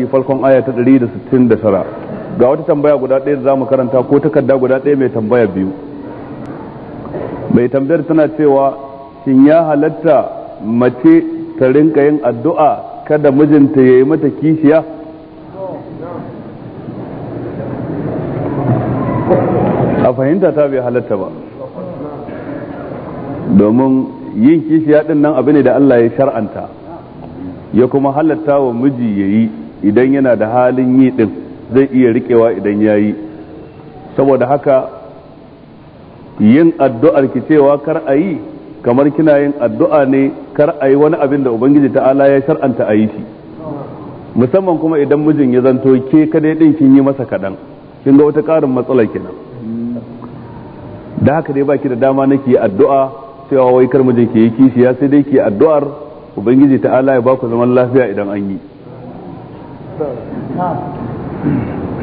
yi farkon aya ta 169 ga wata tambaya guda ɗaya da za mu karanta ko takarda guda ɗaya mai tambaya biyu mai tambayar tana cewa shin ya halatta mace ta rinka yin addu'a kada mijinta ya yi mata kishiya a fahimta ta bai halatta ba domin yin kishiya ɗin nan abu ne da Allah ya shar'anta ya kuma halatta wa miji ya yi idan yana da halin yi din zai iya rikewa idan ya yi saboda haka yin addu'ar ki cewa kar a yi kamar kina yin addu'a ne kar a yi wani abin da ubangiji ta'ala ya shar'anta a yi shi musamman kuma idan mijin ya zanto ke kadai din kin yi masa kaɗan kin ga wata ƙarin matsala kenan da haka dai baki da dama ki yi addu'a cewa wai kar mijin ke yi kishiya sai dai ke addu'ar ubangiji ta'ala ya baku zaman lafiya idan an yi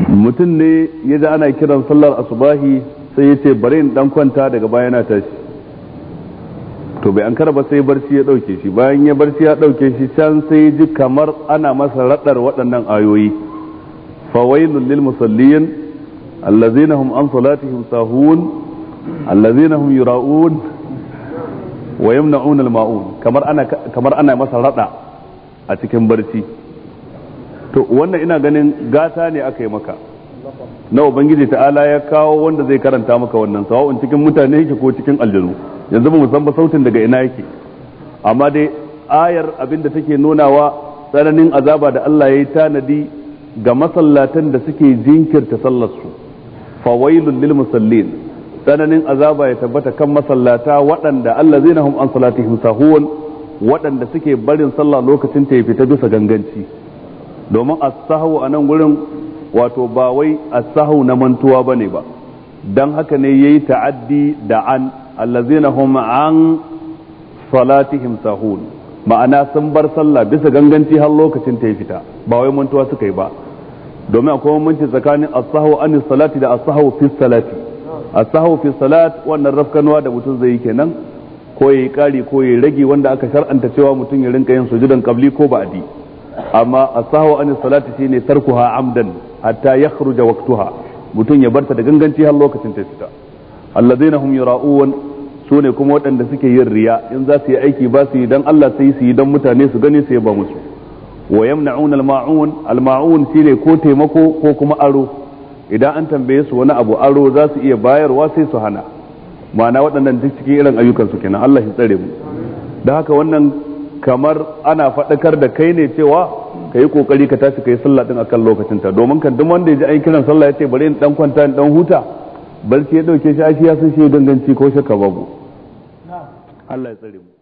mutum ne ya ji ana kiran sallar asubahi sai ya ce bari in dan kwanta daga bayan na tashi to bai an ba sai barci ya dauke shi bayan ya barci ya dauke shi can sai ji kamar ana masa radar waɗannan ayoyi fawailul lil musallin allazina hum an salatihim sahun allazina hum yura'un wa yamna'un al ma'un kamar ana kamar ana masa rada a cikin barci to wannan ina ganin gata ne aka yi maka na ubangiji ta'ala ya kawo wanda zai karanta maka wannan sawa'un cikin mutane yake ko cikin aljanu yanzu ba mu san ba sautin daga ina yake amma dai ayar abin da take nunawa tsananin azaba da Allah ya yi tanadi ga masallatan da suke jinkirta sallarsu Fawailun lil musallin tsananin azaba ya tabbata kan masallata waɗanda allazinahum an salatihim sahun waɗanda suke barin sallah lokacin ta ya fita bisa ganganci domin a sahau a nan gurin wato ba wai a sahau na mantuwa bane ba don haka ne ya yi ta'addi da an allazina hum an salatihim sahun ma'ana sun bar sallah bisa ganganci har lokacin ta fita ba wai mantuwa suka yi ba domin akwai bambanci tsakanin a sahau an salati da a sahau fi salati as fi salat wannan rafkanuwa da mutum zai yi kenan ko ya yi ƙari ko ya yi rage wanda aka shar'anta cewa mutum ya rinka yin sujudan kabli ko ba'adi amma asahu an salati shine tarkuha amdan hatta yakhruja waqtuha mutum ya barta da ganganci har lokacin ta fita alladheena hum yura'un sune kuma waɗanda suke yin riya in za su yi aiki ba su yi dan Allah sai su yi dan mutane su gani sai ba musu wa yamna'un alma'un alma'un shine ko taimako ko kuma aro idan an tambaye su wani abu aro za su iya bayarwa sai su hana ma'ana waɗannan duk cikin irin ayyukan su kenan Allah ya tsare mu da haka wannan kamar ana faɗakar da kai ne cewa ka yi kokari ka tashi ka yi sallah din akan lokacinta domin kan duk wanda ya ji an kiran sallah ya ce bari in dan kwanta in dan huta barci ya ɗauke shi ashi ya san shi ganganci ko shakka babu Allah ya tsare mu